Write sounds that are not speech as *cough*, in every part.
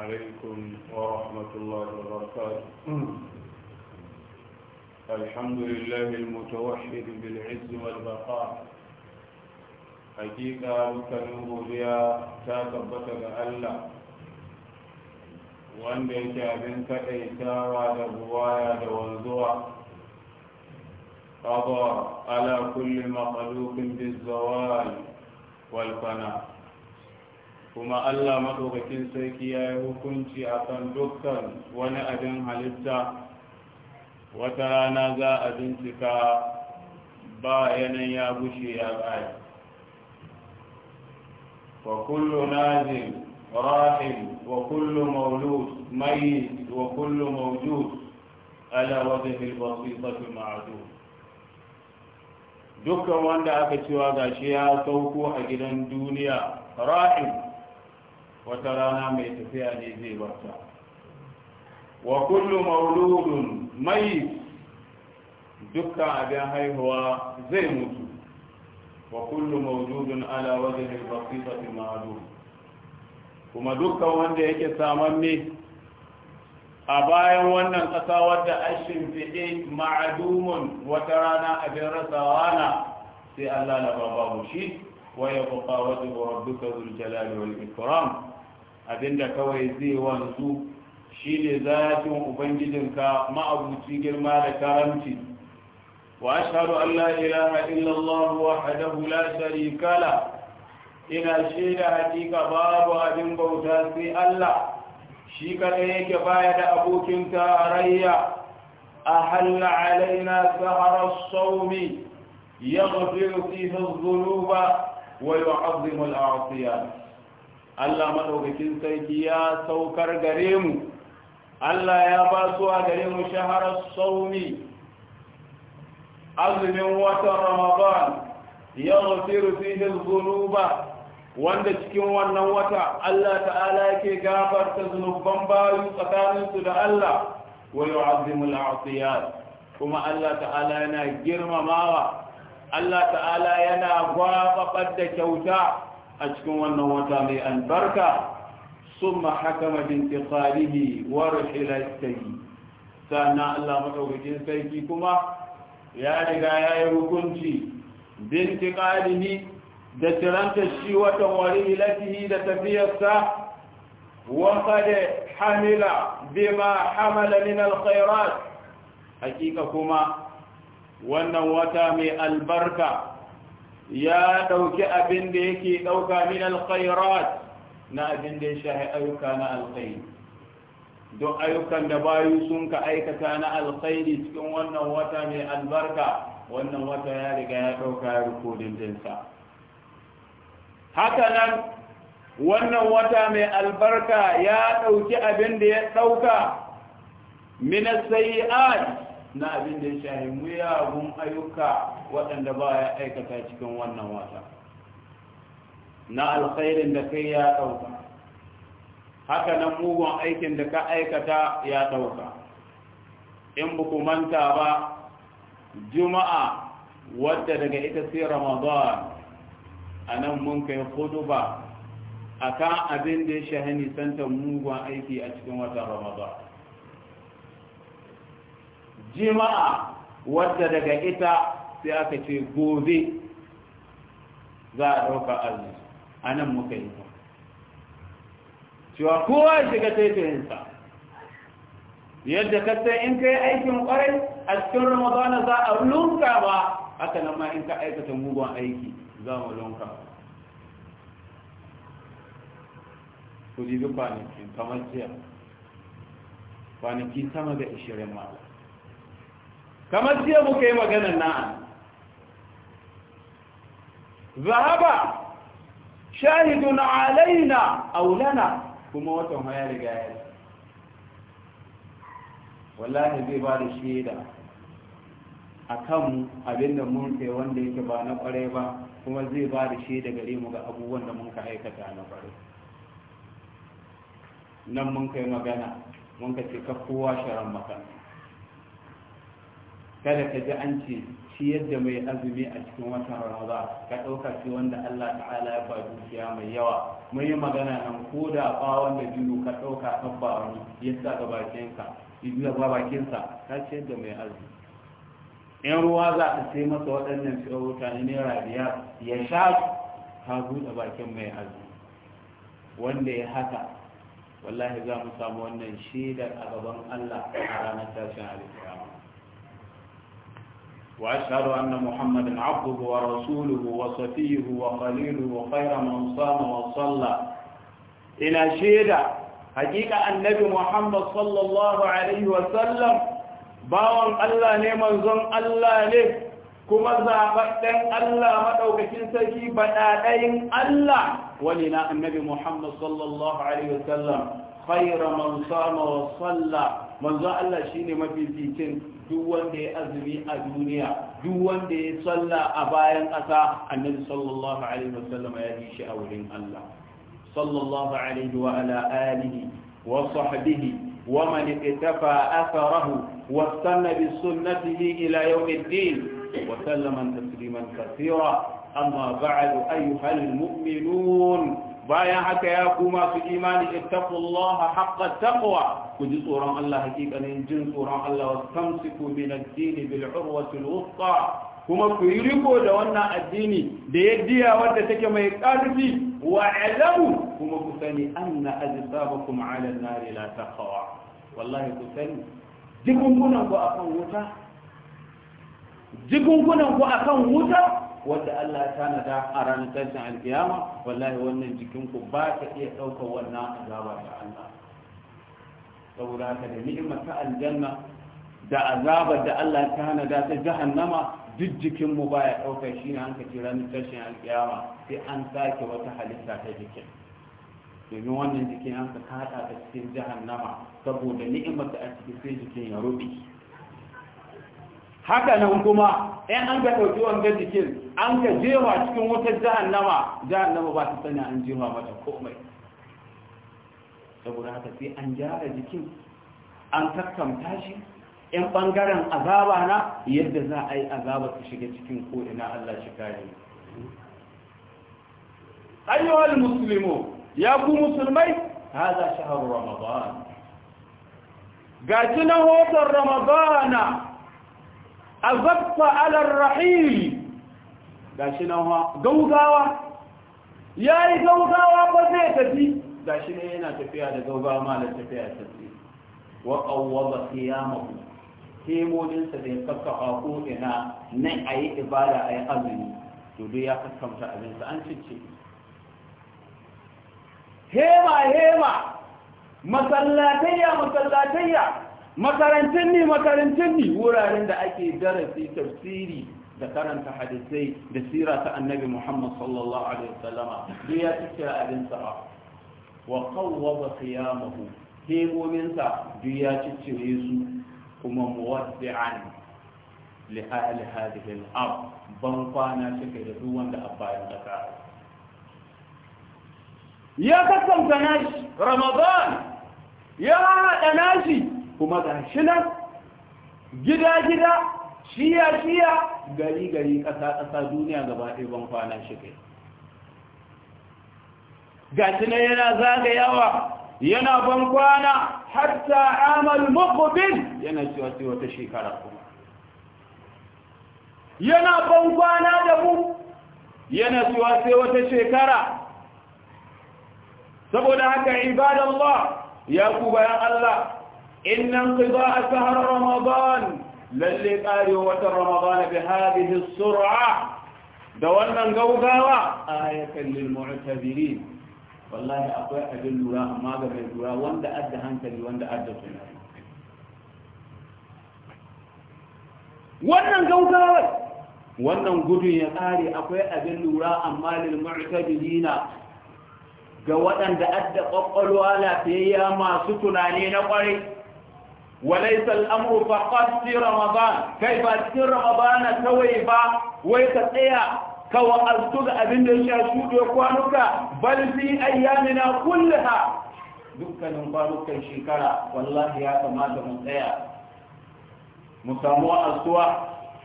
عليكم ورحمة الله وبركاته الحمد لله المتوحد بالعز والبقاء حقيقة مكانه بها تاكبت بألا وأن بيتابن كأيتاوى دبوايا دوانزوى قضى على كل مخلوق بالزوال والفناء kuma Allah maɗaukakin sarki ya yi hukunci a kan dukkan wani abin halitta wata rana za a bincika ba yanayin ya gushe ya ƙari wa kullu nazil rahim wa kullu maulud mai wa kullu mawjud ala wajhil basitati ma'dud dukkan wanda aka cewa gashi ya sauko a gidan duniya Rahim. wata rana mai tafiya ne zai barta wa kullu mauludun mai dukkan abin haihuwa zai mutu wa kullu mauludun ala wajen basitati ma'adu kuma dukkan wanda yake samamme a bayan wannan ƙasa wadda ashin fiɗe ma'adumun wata rana abin rasawa na sai Allah na babu shi wa ya buƙa wajen wa rabbuka zuljalali wal ikram abinda kawai zai wanzu shi ne zatin ubangijinka ma'abuci girma da karamci wa ashhadu an la ilaha illallah wahdahu la sharika la ina shaida hakika babu abin bauta sai Allah shi kadai yake baya da abokin tarayya أهل علينا سهر الصوم يغفر فيه الذنوب ويعظم الأعصيان Allah maɗaukakin sarki ya saukar gare mu Allah ya ba su a gare mu shaharar saumi azumin watan ramadan ya rufiru fihin zunuba wanda cikin wannan wata Allah ta'ala yake gafarta zunuban bayu tsakaninsu da Allah wa yu'azzimul asiyat kuma Allah ta'ala yana girmamawa Allah ta'ala yana gwababar da kyauta a cikin wannan wata mai albarka sun mahakama bintikalihi wa rahila sayi sannan allah maɗaukakin sarki kuma ya riga ya yi hukunci bintikalihi da tiranta shi watan wari ilatihi da tafiyarsa waƙade hamila bima hamala min alkhairat hakika kuma wannan wata mai albarka ya ɗauki abin da yake ɗauka min alkhairat na abin da ya shahi ayyuka na alkhairi don ayyukan da bayu sun ka aikata na alkhairi cikin wannan wata mai albarka wannan wata ya riga ya ɗauka ya rikodin dinsa haka nan wannan wata mai albarka ya ɗauki abin da ya ɗauka min sayi'at na abin da ya shahi muyagun ayyuka waɗanda ba ya aikata cikin wannan wata na alkhairin da kai ya ɗauka haka nan mugun aikin da ka aikata ya ɗauka in buku manta ba juma'a wadda daga ita sai ramadan a nan mun kai hudu ba a kan abin da ya shahani santan mugun aiki a cikin watan ramadan jima'a wadda daga ita sai aka ce gobe za a ɗauka azumi a nan muka yi ba cewa kowa ya shiga taifayinsa yadda kasar in ka yi aikin kwarai a cikin ramadana za a lunka ba haka nan ma in ka aikata mugun aiki za mu lunka ba ku jibi kwanaki kamar jiya kwanaki sama da ishirin mala kamar jiya muka yi maganar na'an zahaba shahidun alaina aulana kuma watan haya riga ya yi wallahi zai ba da shaida a kan abin da mun kai wanda yake ba na kwarai ba kuma zai ba da shaida gare mu ga abubuwan da mun ka aikata na kwarai nan mun kai magana mun ka ce ka kowa sharan kada ka ji an ce ciyar da mai azumi a cikin watan ramadan ka ɗauka ce wanda allah ta'ala ya ba dukiya mai yawa mun yi magana nan ko da bawon da biyu ka ɗauka kan ba wani ya sa ga bakinka ya ba bakinsa ka ciyar da mai azumi in ruwa za a sai masa waɗannan firauta ne, naira biyar ya sha ka buɗe bakin mai azumi wanda ya haka wallahi za mu samu wannan shaidar a gaban allah a ranar tashin alƙiyama وأشهد أن محمدا عبده ورسوله وصفيه وخليله خير من صام وصلى إلى شيدا حقيقة النبي محمد صلى الله عليه وسلم باوان الله نيمان زن الله ليه kuma zaɓaɗɗen Allah maɗaukacin sarki baɗaɗayin Allah wani na annabi Muhammad sallallahu Alaihi wasallam khaira man sama wa salla manzo Allah shine bikin. duk wanda ya azumi a duniya duk wanda ya salla a bayan ƙasa annabi sallallahu alaihi wasallam ya yi shi a wurin Allah sallallahu alaihi wa ala alihi wa sahbihi wa man ittafa atharahu wa sanna bi sunnatihi ila yawm ad-din wa sallama tasliman kathira amma ba'du ayyuhal mu'minun bayan haka ya kuma su imani ittaqullaha haqqa taqwa ku ji tsoron Allah hakikanin jin tsoron Allah wa tamsiku min ad-din bil urwati al-wuthqa kuma ku yi riko da wannan addini da ya yaddiya wadda take mai ƙarfi wa alamu kuma ku sani anna ajsabakum ala an-nar la taqwa wallahi ku sani jikunkunan ku akan wuta jikunkunan ku akan wuta wanda Allah ya tanada a ranar tashin alkiyama wallahi wannan jikinku ba ta iya ɗaukar wannan azaba ta Allah saboda haka da ni'imar ta aljanna da azabar da Allah ya tanada ta jahannama duk jikinmu ba ya ɗaukar shi ne an ranar tashin alkiyama sai an sake wata halitta ta jikin domin wannan jikin ka kaɗa ta cikin jahannama saboda ni'imar da a ciki sai jikin ya rubi haka nan kuma ɗan an ga ɗauki wanga jikin an ka jewa cikin wata nama, jihar nama ba ta sani an jewa mata komai saboda haka sai an gyara jikin an kakkamta shi ‘yan ɓangaren azaba na yadda za a yi azaba su shiga cikin ko'ina Allah shi kare. ayyuhal musulmi ya ku musulmai haza shaharu ramadan gaji na hoton ramadana azabta alar rahil gashi nan gaugawa ya yi gaugawa ba zai tafi gashi ne yana tafiya da gaugawa malar tafiya tafi wa awwaba qiyamahu kemoninsa da ya kakkafa ko ina nan a yi ibada a yi azumi dodo ya abin sa. an cince hema hema masallatayya masallatayya makarantun ne makarantun ne wuraren da ake darasi tafsiri da karanta hadisai da sira ta annabi muhammad sallallahu alaihi wasallama duk ya ci abin sa wa qawwaba qiyamahu hemomin sa duk ya ciccire su kuma muwaddi'an li ahli hadhihi al-ard ban kwana take da duk wanda a abbayan kaka ya kasanta nashi ramadan ya haɗa nashi kuma ga shi nan gida-gida shiya-shiya gari-gari ƙasa-ƙasa duniya gaba ɗaya ban kwana shi kai ga shi nan yana zagayawa yana ban kwana hatta amal makobin yana cewa wata shekara kuma yana ban kwana da mu yana cewa wata shekara saboda haka ba, ya ku bayan Allah إن انقضاء شهر رمضان للي قاري وتر رمضان بهذه السرعة دولنا نقوذاوة آية للمعتذرين والله أقوى أجل الله ما قبل الله واند أدى هانتا واند أدى سنة واند نقوذاوة واند نقوذي يا قاري أقوى أجل الله أما للمعتذرين قوة أند أدى قبل الله فيها ما ستنا لنا وليس الأمر فقط في رمضان كيف في رمضان كويبا ويتقيا كو أرسل أبن الشاشود يقوانك بل في أيامنا كلها دكا نمبارك الشكرة والله يا تماد مطيع مساموع السوا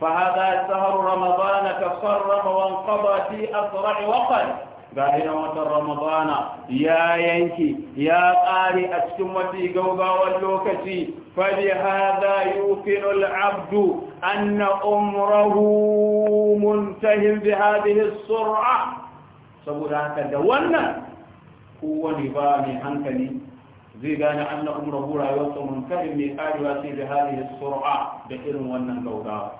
فهذا سهر رمضان تصرم وانقضى في أسرع وقت gari وقت رمضان يا ينكي يا قاري ƙare a cikin mafi فلهذا يوقن العبد أن أمره منتهم بهذه السرعة saboda haka da wannan kowane ba mai hankali zai gane an na umar hura yau tsohon karin mai karewa sai da hali da sur'a da irin wannan gaugawa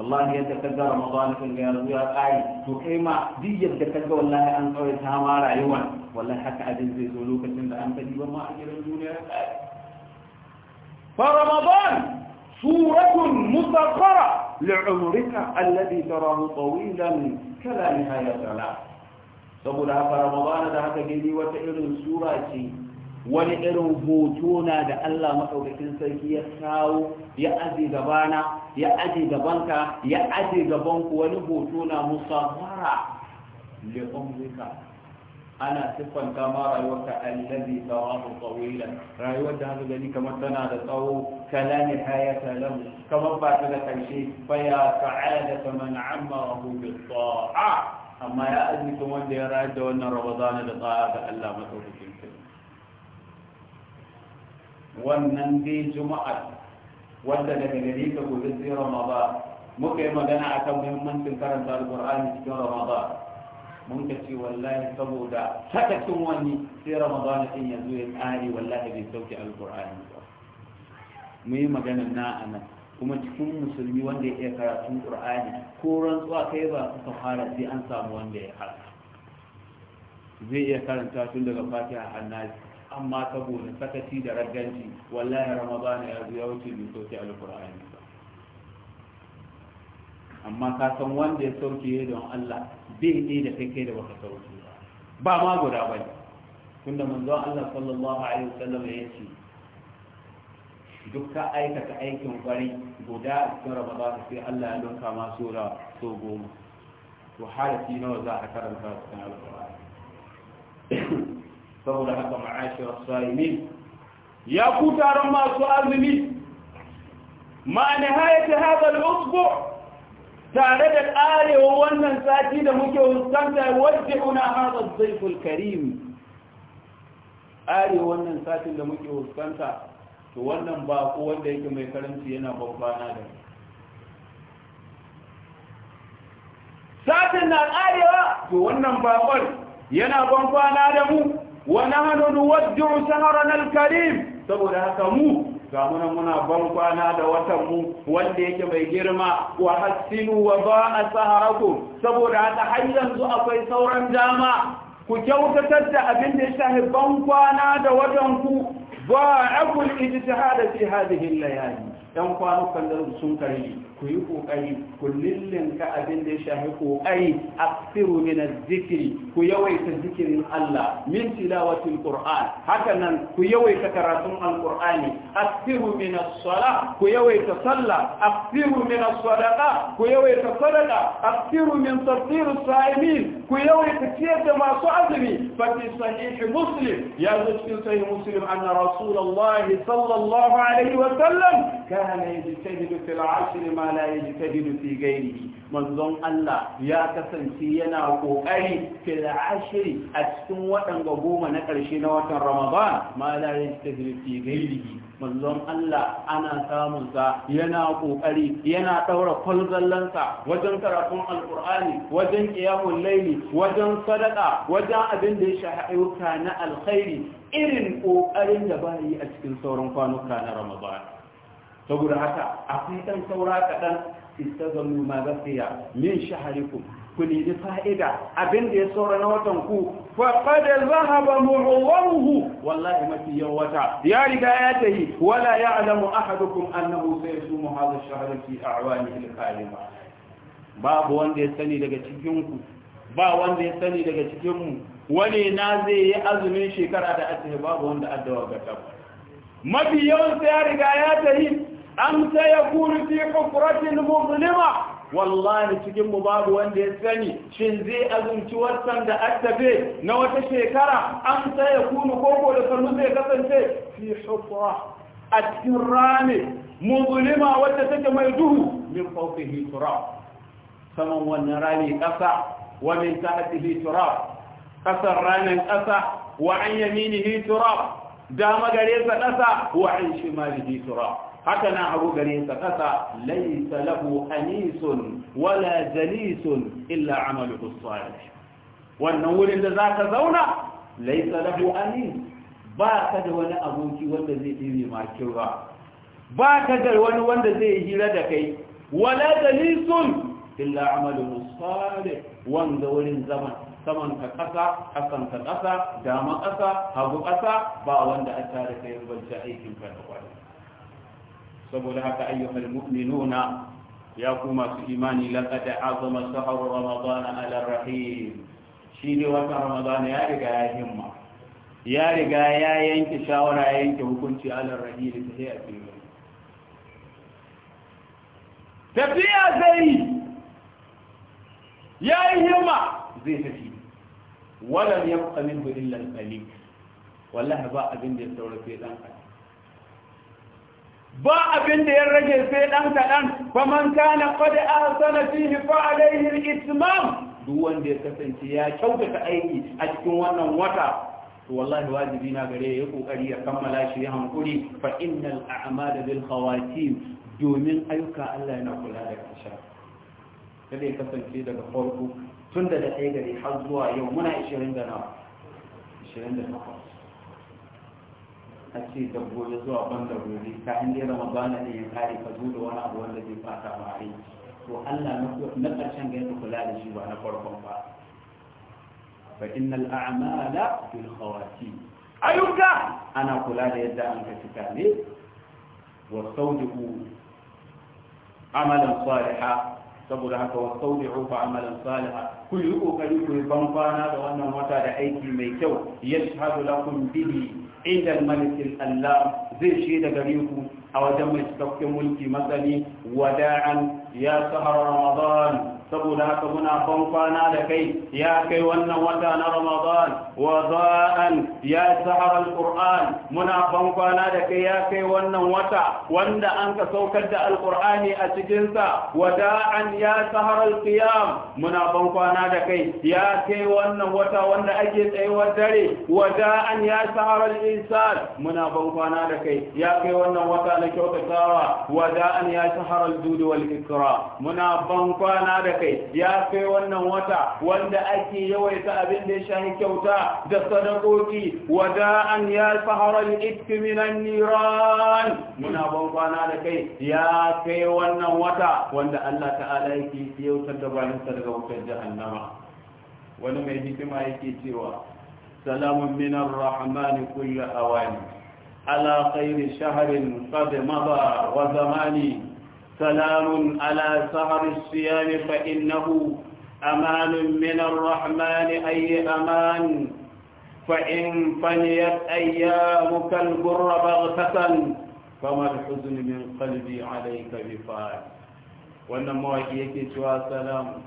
wallahi yadda ka gara mazauni kan gaya ya kare to kai ma duk yadda ka ga wallahi an kawai ta ma rayuwa wallahi haka abin zai zo lokacin da an kaji ma a gidan duniya ya kare فرمضان سورة مسخرة لعمرك الذي تراه طويلا كلا نهاية له saboda Faramabana da haka gani wata irin sura ce wani irin hoto na da Allah maɗaukakin sarki ya kawo ya aje gabana ya aje dabanka ya aje gabanku wani hoto na musamara li ana siffanta ma rayuwarka allazi tarahu tawilan rayuwar da haka gani kamar tana da tsawo kala nihayata lahu kamar ba ta da karshe fa ya sa'adata man ammarahu bi ta'a amma ya azmita wanda ya rayar da wannan ramadana da ta'a ga Allah madaukakin sarki wannan dai juma'a wanda daga gari ka gobe sai ramadan muka yi magana akan muhimmancin karanta alqur'ani cikin ramadan mun ka ce wallahi saboda sakacin wani sai ramadan din ya zo ya tsare wallahi bai sauke alqur'ani ba mu yi magana na anan kuma cikin musulmi wanda ya iya karatun qur'ani ko rantsuwa kai ba ka fara sai an samu wanda ya haka zai iya karanta tun daga fatiha annabi amma saboda sakaci da raganci, wallahi ramadan ya zo ya wuce bai sauke alqur'ani amma ka san wanda ya sauke ya don Allah bai ne da kai da baka sauke ba ba ma guda ba ne tunda manzon Allah sallallahu alaihi wasallam ya ce duk ka aikata aikin kwari guda a cikin Ramadan sai Allah ya lunka ma sura so goma to harafi nawa za a karanta cikin alƙur'ani *coughs* saboda haka ma'ashirar sa'imin ya ku taron masu azumi ma nihayat hadha al-usbu' tare da ƙarewa wannan sati da muke huskanta wadda una haɗa zaiful karim ƙarewa wannan satin da muke huskanta to wannan ba ko wanda yake mai karanci yana babbana da satin na ƙarewa to wannan baƙon yana babbana da mu wa nahnu nuwaddu sahran al-karim saboda haka mu ga muna muna ban kwana da watan mu wanda yake mai girma wa hasinu wa ba'a saharaku saboda haka har yanzu akwai sauran dama ku kyautatar da abin da ya ban kwana da watan ku ba ba'akul ijtihad fi hadhihi al-layali dan kwanukan da sun karye ku yi kokari ku ka abin da ya shafi kokari aksiru min zikiri ku yawaita zikirin Allah min tilawatil qur'an haka nan ku yawaita karatun alqur'ani aksiru min sala ku yawaita sallah aksiru min sadaqa ku yawaita sadaqa aksiru min tafsir saimin ku yawaita ciyar da masu azumi fa fi sahih muslim ya zo cikin sahih muslim anna rasulullahi sallallahu alaihi wa sallam kana yajtahidu fil 'ashr ma la yajtadidu fi ghairihi manzon Allah ya kasance yana kokari fil ashri a cikin waɗanga goma na ƙarshe na watan Ramadan ma la yajtadidu fi ghairihi manzon Allah ana samun sa yana kokari yana daura kwalzallansa wajen karatun alqur'ani wajen qiyamul layli wajen sadaqa wajen abin da ya shahi na alkhairi irin kokarin da ba yi a cikin sauran kwanuka na Ramadan saboda haka akwai ɗan saura kaɗan istazallu ma baqiya min shahrikum ku nemi fa'ida abin da ya saura na watan ku ba zahaba mu'awwaruhu wallahi mafi wata ya riga ya tahi wala ya'lamu ahadukum annahu sayasumu hadha ash-shahr fi a'wanihi al-qalima babu wanda ya sani daga cikin ku ba wanda ya sani daga cikin mu wani na zai yi azumin shekara da ake babu wanda addawa ga ta mafi yawan sai ya riga ya tahi أم سيكون في حفرة مظلمة والله cikin mu babu wanda ya sani shin zai azumci wannan da attabe na wata shekara an sai ya kunu koko da sannu zai kasance fi hufra a cikin rami muzulima wacce take mai duhu min fawqihi turab saman wannan rami kasa wa min tahtihi turab kasar ranin kasa wa an yaminihi turab dama gare sa kasa wa an shimalihi turab haka nan abu gare sa kasa laisa lahu anisun wala jalisun illa amalu salih wannan wurin da zaka zauna laisa lahu anis ba ka da wani aboki wanda zai ɗebe ma ba ba ka da wani wanda zai hira da kai wala jalisun illa amalu salih wanda wurin zaman saman ka ƙasa kasan ka ƙasa dama ƙasa hagu ƙasa ba wanda a tare kai banci aikin ka da saboda haka ayyuhal mu'minuna ya ku masu imani laqad azama sahru ramadana ala rahim shi ne wata ramadana ya riga ya himma ya riga ya yanke shawara ya yanke hukunci ala rahim ta sai a cikin tafiya zai ya yi himma zai tafi walam ya minhu min al-qalil wallahi ba abin da ya saurace dan adam ba abin da ya rage sai ɗan kaɗan faman kana qad ahsana fihi fa alayhi al-itmam duk wanda ya kasance ya kyautata aiki a cikin wannan wata to wallahi wajibi na gare ya kokari ya kammala shi ya hankuri fa innal a'mala bil khawatim domin ayyuka Allah yana kula da ƙarshe kada ya kasance daga farko tun da ɗaya gari har zuwa yau muna 20 da nawa 28 a ce da gobe zuwa ban da gobe ka in dai ramadana ne ya kare ka zo da wani abu wanda zai fata ma rai to Allah na karshen ga yadda kula da shi ba na farkon ba fa innal a'mala bil khawati ayyuka ana kula da yadda an ka cika ne wa sawdiqu amalan salihah saboda haka wa sauri'u fa amalan salihah ku yi kokari ku yi bankwana da wannan wata da aiki mai kyau yashhadu lakum bihi inda malikin Allah zai shaida gare ku a wajen mai cikakken mulki matsali wada'an ya sahara Ramadan saboda haka muna kwana da kai ya kai wannan wata na ramadan wada'an ya sahara alquran muna kwana da kai ya kai wannan wata wanda an ka saukar da alqurani a cikin sa wada'an ya sahara alqiyam muna kwana da kai ya kai wannan wata wanda ake tsayuwar dare wada'an ya sahara al-insan muna kwana da kai ya kai wannan wata na kyautatawa wada'an ya sahara al-jud wal ikram muna kwana da da kai ya kai wannan wata wanda ake yawaita abin da ya shahi kyauta da sadakoki an ya fahara al-ithm niran muna ban kwana da kai ya kai wannan wata wanda Allah ta'ala yake yautar da bayansa daga wutar jahannama wani mai hikima yake cewa salamun minar rahmani kullu awani ala khairi shahrin qad mada wa zamani سلام على سهر الصيام فإنه أمان من الرحمن أي أمان فإن فنيت أيامك البر بغتة فما الحزن من قلبي عليك بفاعل wannan mawaki yake cewa salam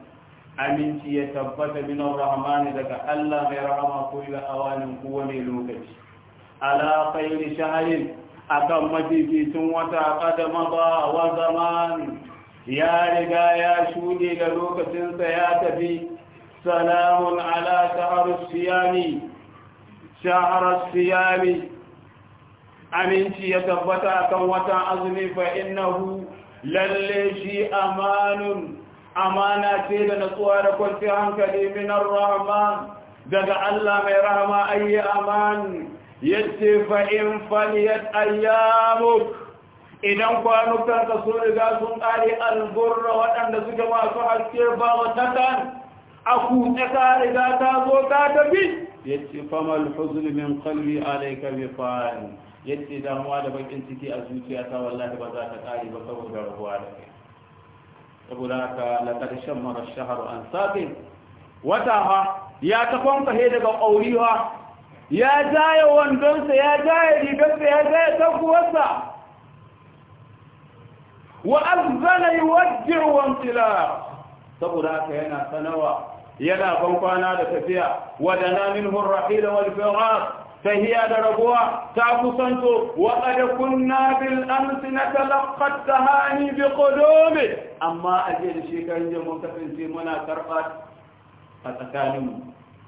aminci ya tabbata min rahman daga Allah ya rahama ko ila awanin lokaci akan mafificin wata kadama ba wa zamani ya riga ya shuɗe da lokacinsa ya tafi salamun ala shaharar siyami aminci ya tabbata akan watan azumi fa innahu lalle shi amanun amana ce da natsuwa da kwanci hankali minar rama. daga Allah mai rahama ayi aman yace fa in faliyat ayyamuk idan kwanukan ka sun riga sun kare alburra waɗanda suke masu haske ba wata kan aku ta riga ta zo ta tafi yace famal huzn min qalbi alayka bi fan yace damuwa da bakin ciki a zuciyata wallahi ba za ta kare ba saboda rabuwa da kai saboda haka laqad shammara ash-shahru an saqin wata ha ya ta kwanka he daga ƙauriwa ya jaya wandonsa ya jaya rigarsa ya jaya takuwarsa wa azana yuwajjir wantila saboda haka yana sanawa yana bankwana da tafiya wa dana minhu ar-rahil wal firar fahiya da rabuwa ta kusanto wa qad kunna bil amsi natalaqqat tahani bi qudumi amma aje da shekarun ta kasance muna karba a tsakaninmu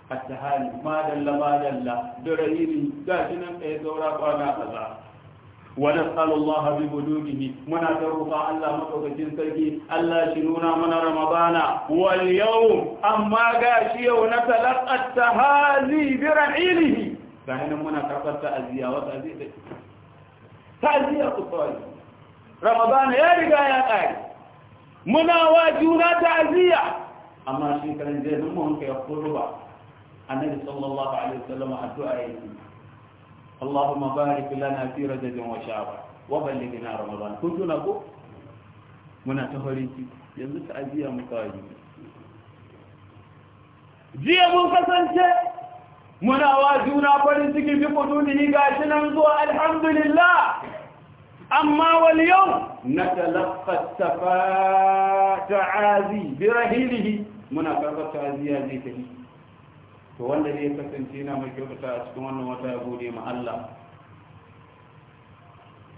hali, ma dalla ma dalla durayini shi nan ɗaya saura kwana a kaza wa nas'alu Allah bi budugihi muna ta taruka Allah madaukakin sarki Allah shi nuna mana ramadana wal yawm amma ga shi yau na talaqat tahali bi ra'ilihi gashi nan muna karɓar ta'aziyya wa ta'aziyya ta'aziyya ku tsawai ramadana ya riga ya ƙare muna wa juna ta'aziyya amma shi kan je mun mun kai ba. النبي صلى الله عليه وسلم الدعاء اللهم بارك لنا في رجب وشعبا وبلغنا رمضان كنت نقول من تهريك يمس عزيا مقايد زي مقصن شيء من أواجهنا فرنسك في قدود نقاشنا نزوى الحمد لله أما واليوم نتلقى التفاة تعازي برهيله منافقة عازي عزي تهيه to wanda ya kasance yana mai kyautata a cikin wannan wata ya gode ma Allah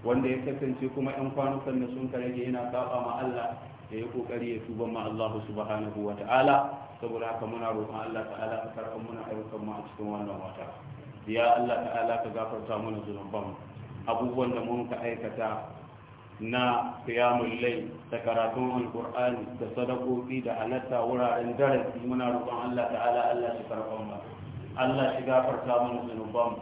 wanda ya kasance kuma yan kwanukan da sun karage yana saba ma Allah da ya kokari ya tuba ma Allah subhanahu wa ta'ala saboda haka muna roƙon Allah ta'ala a karɓar muna ayyukan mu a cikin wannan wata ya Allah ta'ala ka gafarta mana zunuban abubuwan da mun ka aikata na qiyamul layl da karatun alqur'ani da sadakoki da halatta wuraren darasi muna roƙon Allah ta'ala Allah shi karɓa mu Allah shi gafarta mana zunuban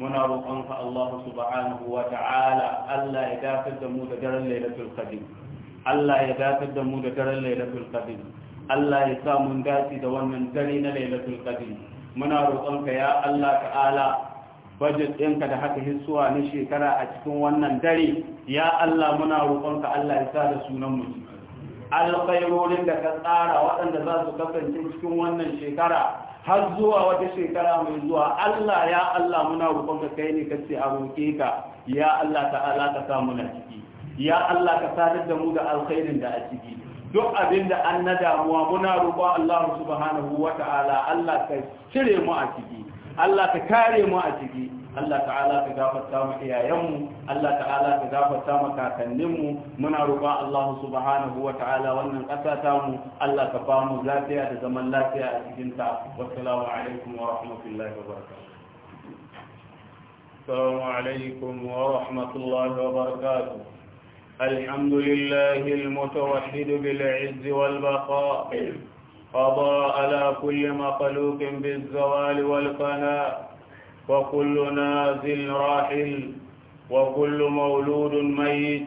muna roƙon ka Allah subhanahu wa ta'ala Allah ya dafar da mu da daren lailatul qadr Allah ya dafar da mu da daren lailatul qadr Allah ya sa mun dace da wannan dare na lailatul qadr muna roƙon ka ya Allah ta'ala budget ɗinka da haka Hisuwa na shekara a cikin wannan dare ya Allah muna roƙonka Allah ya sa da sunan mu alƙairorin da ka tsara waɗanda za su kasance cikin wannan shekara har zuwa wata shekara mai zuwa Allah ya Allah muna roƙonka kai ne kace a roƙe ka ya Allah ta'ala ka sa mu ciki ya Allah ka sadar da mu da alkhairin da a ciki duk abin da an na damuwa muna roƙon Allah subhanahu ta'ala Allah ka cire mu a ciki Allah ka kare mu a ciki Allah ta'ala ka gafarta mu iyayenmu Allah ta'ala ka gafarta mu kakanninmu muna roƙon Allah subhanahu wa ta'ala wannan ƙasa ta mu Allah ka ba mu lafiya da zaman lafiya a cikin ta wassalamu alaikum wa rahmatullahi wa barakatuh السلام عليكم ورحمة الله وبركاته الحمد لله المتوحد بالعز والبقاء قضى على كل مخلوق بالزوال والفناء وكل نازل راحل وكل مولود ميت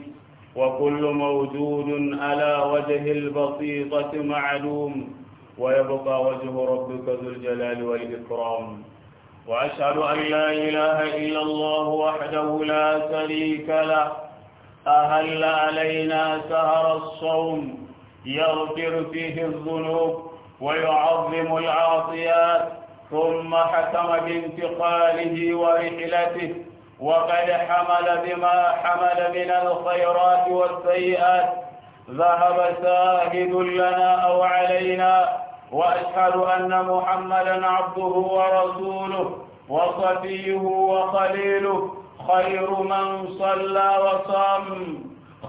وكل موجود على وجه البسيطة معلوم ويبقى وجه ربك ذو الجلال والإكرام وأشهد أن لا إله إلا الله وحده لا شريك له أهل علينا سهر الصوم يغفر فيه الذنوب ويعظم العاصيات ثم حكم بانتقاله ورحلته وقد حمل بما حمل من الخيرات والسيئات ذهب ساهد لنا أو علينا وأشهد أن محمدا عبده ورسوله وصفيه وخليله خير من صلى وصام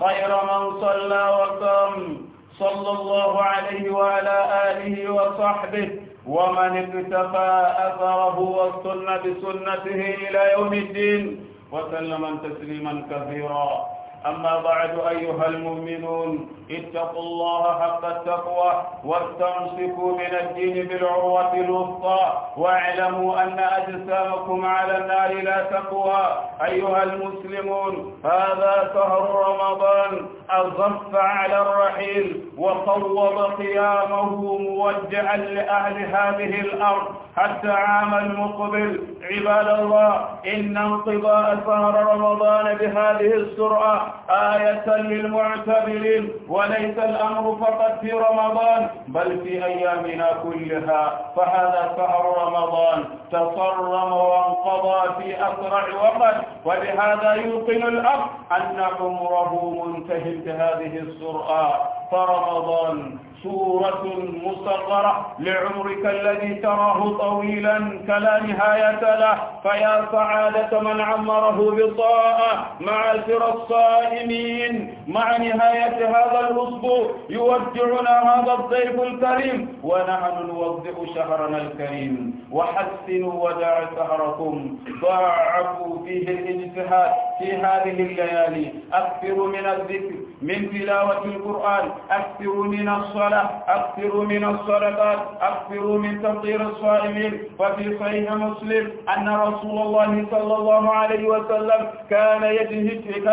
خير من صلى وصام صلى الله عليه وعلى آله وصحبه ومن اكتفى أثره والسنة بسنته إلى يوم الدين وسلم تسليما كثيرا أما بعد أيها المؤمنون اتقوا الله حق التقوى واستمسكوا من الدين بالعروة الوسطى واعلموا أن أجسامكم على النار لا تقوى أيها المسلمون هذا شهر رمضان أغف على الرحيل وصوب قيامه موجعا لأهل هذه الأرض حتى عام المقبل عباد الله إن انقضاء شهر رمضان بهذه السرعة آية للمعتبرين وليس الأمر فقط في رمضان بل في أيامنا كلها فهذا شهر رمضان تصرم وانقضى في أسرع وقت وبهذا يوقن الأرض أن عمره منتهي بهذه السرعة فرمضان سورة مستقرة لعمرك الذي تراه طويلا فلا نهاية له فيا سعادة من عمره بالطاعة مع سر الصائمين مع نهاية هذا الأسبوع يودعنا هذا الضيف الكريم ونحن نوضع شهرنا الكريم وحسنوا وداع سهركم ضاعفوا فيه الاجتهاد في هذه الليالي أكثروا من الذكر من تلاوة القرآن أكثروا من الصلاة أكثروا من الصدقات أكثروا من تطهير الصائمين وفي صحيح مسلم أن رسول الله صلى الله عليه وسلم كان يجتهد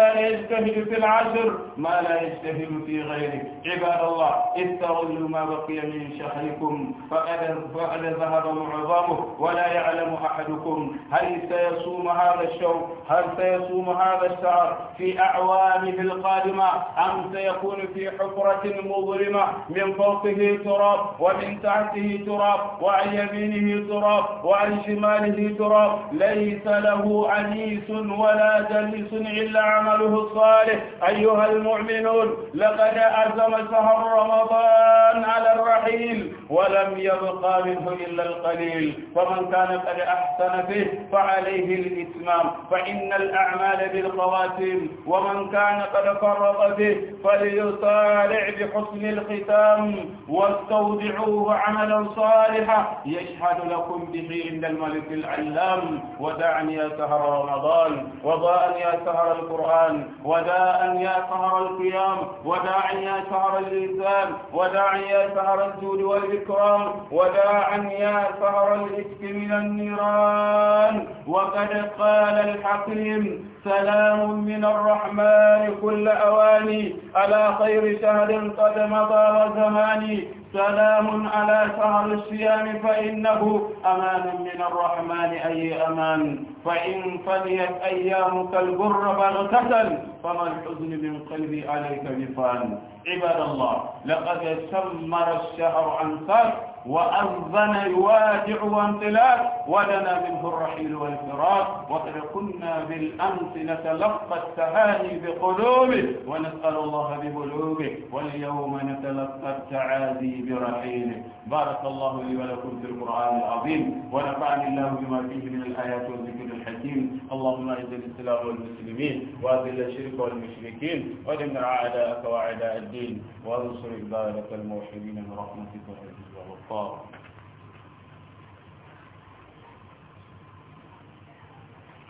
كان يجتهد في العشر ما لا يجتهد في غيره عباد الله استغلوا ما بقي من شهركم فقد فقد ذهب معظمه ولا يعلم أحدكم هل سيصوم هذا الشهر هل سيصوم هذا الشهر في أعوامه القادمة أم سيكون في حفرة سماوات مظلمة من فوقه تراب ومن تحته تراب وعن يمينه تراب وعن شماله تراب ليس له أنيس ولا جليس إلا عمله الصالح أيها المؤمنون لقد أزم شهر رمضان على الرحيل ولم يبقى منه إلا القليل فمن كان قد أحسن به فعليه الإتمام فإن الأعمال بالخواتيم ومن كان قد فرط به فليصارع بحسن الختام واستودعوه عملا صالحا يشهد لكم به عند الملك العلام وداعا يا سهر رمضان وضاء يا سهر القرآن وداء يا سهر القيام وداعا يا سهر الإنسان وداعا يا سهر الجود والإكرام وداعا يا سهر الإسك من النيران وقد قال الحكيم سلام من الرحمن كل أواني على خير شهر قد مضى وزماني سلام على شهر الصيام فإنه أمان من الرحمن أي أمان فإن فليت أيامك البر فاغتسل فما الحزن من قلبي عليك بفان عباد الله لقد سمر الشهر عن ثلاث وأذن يوادع وانطلاق ودنا منه الرحيل والفراق وطرقنا بالأمس نتلقى التهاني بقلوبه ونسأل الله ببلوغه واليوم نتلقى التعازي برحيله بارك الله لي ولكم في القرآن العظيم ونفعني الله بما فيه من الآيات والذكر الحكيم اللهم أعز الإسلام والمسلمين وأذل الشرك والمشركين ودمر أعداءك وأعداء الدين وانصر عبادك الموحدين برحمتك وعزك النصارى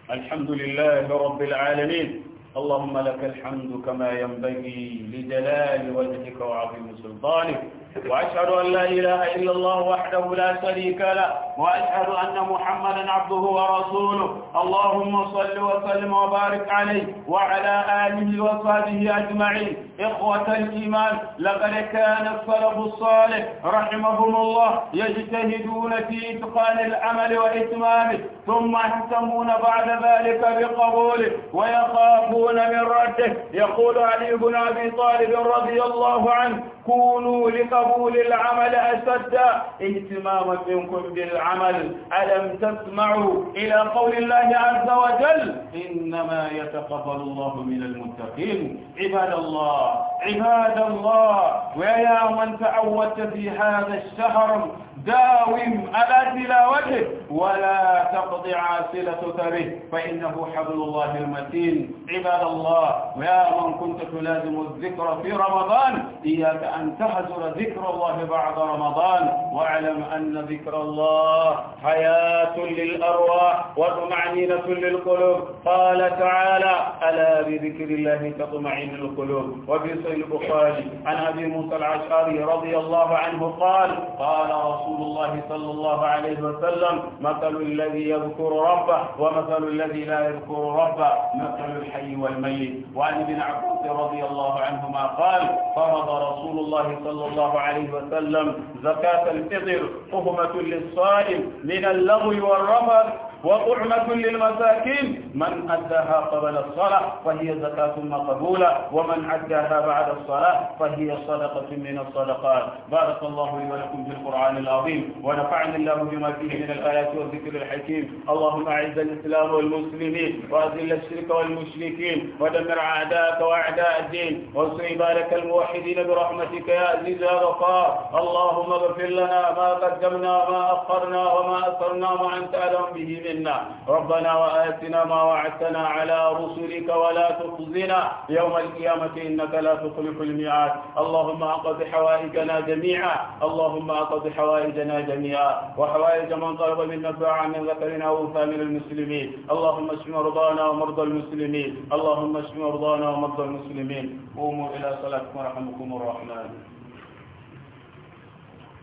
الحمد لله رب العالمين اللهم لك الحمد كما ينبغي لجلال وجهك وعظيم سلطانك وأشهد أن لا إله إلا الله وحده لا شريك له وأشهد أن محمدا عبده ورسوله اللهم صل وسلم وبارك عليه وعلى آله وصحبه أجمعين إخوة الإيمان لقد كان السلف الصالح رحمهم الله يجتهدون في إتقان العمل وإتمامه ثم يهتمون بعد ذلك بقبوله ويخافون من رده يقول علي بن أبي طالب رضي الله عنه كونوا لقبول العمل أشد اهتماما منكم بالعمل ألم تسمعوا إلى قول الله عز وجل إنما يتقبل الله من المتقين عباد الله عباد الله ويا من تعودت في هذا الشهر داوم على تلاوته ولا تقطع صلة به فإنه حبل الله المتين عباد الله يا من كنت تلازم الذكر في رمضان إياك أن تحزر ذكر الله بعد رمضان واعلم أن ذكر الله حياة للأرواح وطمأنينة للقلوب قال تعالى ألا بذكر الله تطمئن القلوب وفي صحيح البخاري عن أبي موسى العشاري رضي الله عنه قال قال رسول رسول الله صلى الله عليه وسلم مثل الذي يذكر ربه ومثل الذي لا يذكر ربه مثل الحي والميت وعن ابن عباس رضي الله عنهما قال فرض رسول الله صلى الله عليه وسلم زكاة الفطر تهمة للصائم من اللغو والرفث وطعمة للمساكين من أداها قبل الصلاة فهي زكاة مقبولة ومن أداها بعد الصلاة فهي صدقة من الصدقات بارك الله لي ولكم في القرآن العظيم ونفعني الله بما فيه من الآيات والذكر الحكيم اللهم أعز الإسلام والمسلمين وأذل الشرك والمشركين ودمر أعداءك وأعداء الدين وانصر عبادك الموحدين برحمتك يا عزيز يا غفار اللهم اغفر لنا ما قدمنا وما أخرنا وما أثرنا وما أنت أعلم به منا ربنا وآتنا ما وعدتنا على رسلك ولا تخزنا يوم القيامة إنك لا تخلف الميعاد اللهم أقض حوائجنا جميعا اللهم أقض حوائجنا جميعا وحوائج من طلب منا دعاء من ذكرنا أو من المسلمين اللهم اشف مرضانا ومرضى المسلمين اللهم اشف مرضانا ومرضى المسلمين قوموا إلى صلاتكم ورحمكم الرحمن